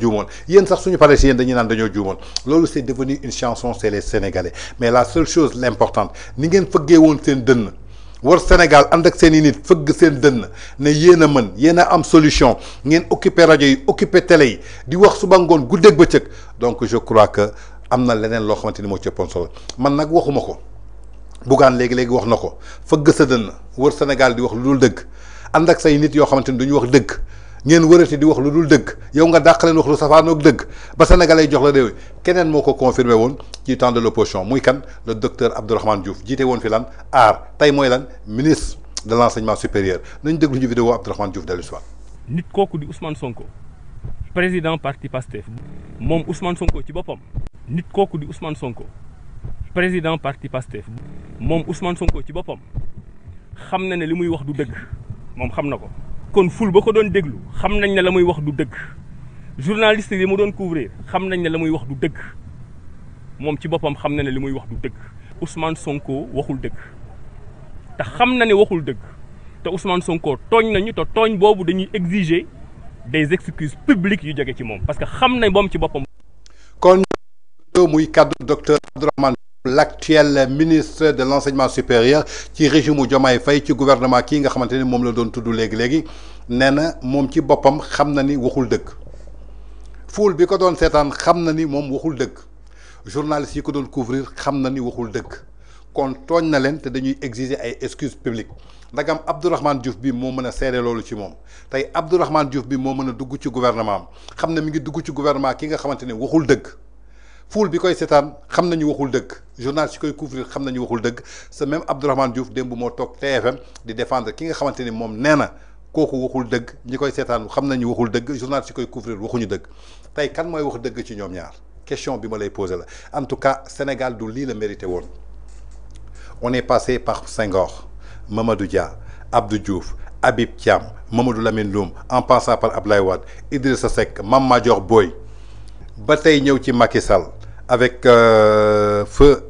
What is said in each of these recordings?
juumoon yéen sax suñu paree si yéen dañuy naan dañoo juumoon loolu c'est devenu une chanson c'est les sénégalais mais la seule chose l'importante ni ngeen fëggee woon seen dënn war Sénégal ànd ak seen i nit fëgg seen dënn ne yéen man mën am solution ngeen occuper radio yi occuper télé yi di wax suba ngone goudé bëccëg donc je crois que amna na leneen loo xamante ni moo cëppoon solo man nak waxumako ko légui légui wax nako feug fëgg sa dënn wër Sénégal di wax lu deug dëgg ak say nit yo xamanteni ni duñu wax deug nous avons di wax lu dul dëgg yow nga dàq wax lu dëgg ba sénégalay jox la confirmé ci temps de l'opposition muy kan le docteur Abdourahmane Diouf jiite woon fi lan ministre de l'enseignement supérieur nañ déglu ñu vidéo Abdourahmane Diouf dellu nit di Ousmane Sonko président parti Pastef moom Ousmane Sonko ci boppam nit Ousmane Sonko président parti Pastef moom Ousmane Sonko ci ne wax du kon ful ba ko doon déglu xam nañ ne la muy wax du dëgg journaliste yi mu doon couvrir xam nañ ne la muy wax du dëgg moom ci boppam xam na ne li muy wax du dëgg Ousmane Sonko waxul dëgg te xam na ne waxul dëgg te Ousmane Sonko tooñ nañu te tooñ boobu dañuy exiger des excuses publiques yu jóge ci moom parce que xam na moom ci boppam. kon muy kaddu docteur Abdourahmane l'actuel ministre de l'enseignement supérieur ci régime mu Diomaye Faye ci gouvernement ki nga xamante mom la doon tuddu leg legi nee mom ci bopam xamna ni waxul deug foul bi ko doon seetaan xamna ni mom waxul deug journaliste yi ko doon couvrir xamna ni waxul deug kon togn na len te dañuy exiger ay excuses publiques ndagam Abdourahmane Diouf bi mo meuna a seere ci mom tay Abdourahmane Diouf bi mo meuna a dugg ci gouvernement xamna mi ngi dugg ci gouvernement ki nga xamante waxul deug foul bi koy sétane xamna nañu waxul deug journaliste koy couvrir xam nañu waxul dëgg sa même Abdourahmane Diouf démb moo toog TFM di défendre ki nga xamante ni moom nee na kooku waxul dëgg ñi koy seetaan xam nañu waxul dëgg journaliste yi koy couvrir waxuñu dëgg tey kan mooy wax dëgg ci ñoom ñaar question bi ma lay posé la en tout cas Sénégal du lii la mérité woon on est passé par Senghor Mamadou Dia Abdou Diouf Habib Thiam Mamadou Lamine Loum en passant par Ablaye Wade Idrissa Seck Mame Boy Boye ba tey ñëw ci Macky Sall avec euh, feu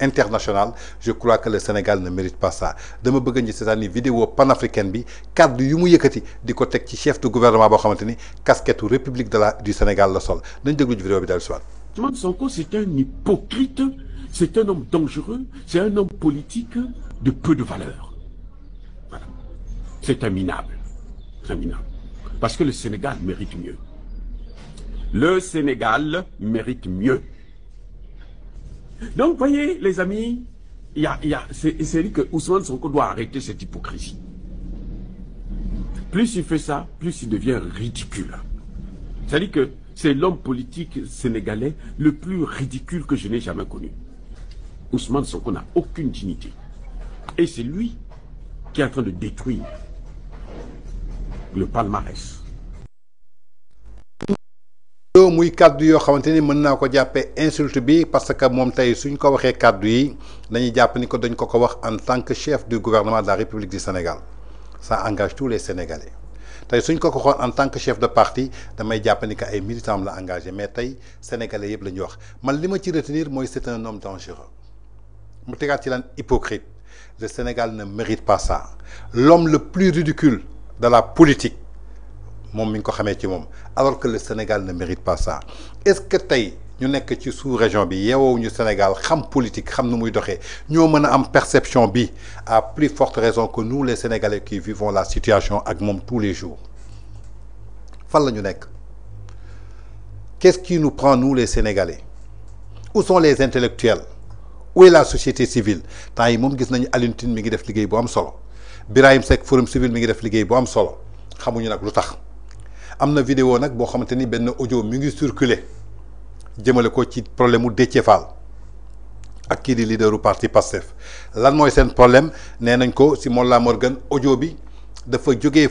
international je crois que le Sénégal ne mérite pas ça dama bëgg ñu cette année vidéo panafricaine bi cadre yu mu yëkkati di ko ci chef du gouvernement boo casquette de la du Sénégal la sol nañ déglu ci vidéo bi daal soit Ousmane Sonko c'est un hypocrite c'est un homme dangereux c'est un homme politique de peu de valeur voilà c'est un minable c'est un minable parce que le Sénégal mérite mieux le Sénégal mérite mieux donc, voyez, les amis, il y a, c'est dit que Ousmane Sonko doit arrêter cette hypocrisie. Plus il fait ça, plus il devient ridicule. C'est-à-dire que c'est l'homme politique sénégalais le plus ridicule que je n'ai jamais connu. Ousmane Sonko n'a aucune dignité. Et c'est lui qui est en train de détruire le palmarès loolu muy kàddu yoo xamante ni mën naa ko jàppee insulte bi parce que moom tey suñ ko waxee kàddu yi dañuy ni ko dañ ko wax en tant que chef du gouvernement de la République du Sénégal ça engage tous les Sénégalais tey suñ ko ko en tant que chef de parti damay jàpp ni que ay militants la engagé mais tey Sénégalais yëpp lañu wax man li ma ci retenir mooy c'est un homme dangereux mu tegaat ci lan hypocrite le Sénégal ne mérite pas ça l'homme le plus ridicule de la politique mom ko xamé ci mom alors que le Sénégal ne mérite pas ça est-ce que tay ñu nek ci sous-région bi yeewoo ñu Sénégal xam politique xam nu muy doxé ñoo mën a am perception bi à plus forte raison que nous les Sénégalais qui vivons la situation ak mom tous les jours fan la ñu nek qu'est-ce qui nous prend nous les Sénégalais où sont les intellectuels où est la société civile tay mom que gis nañu Alioune mi ngi def liggéey bu am solo Birahim Seck Forum Civil mi ngi def liggéey bu am solo xamuñu nag lu am na vidéo nag boo xamante ni benn audio mu ngi circulé jëmale ko ci problème mu Déthié Fall ak kii di leaderu parti Pastef lan mooy seen problème nee nañ ko si Mollah Morgan audio bi dafa jógee.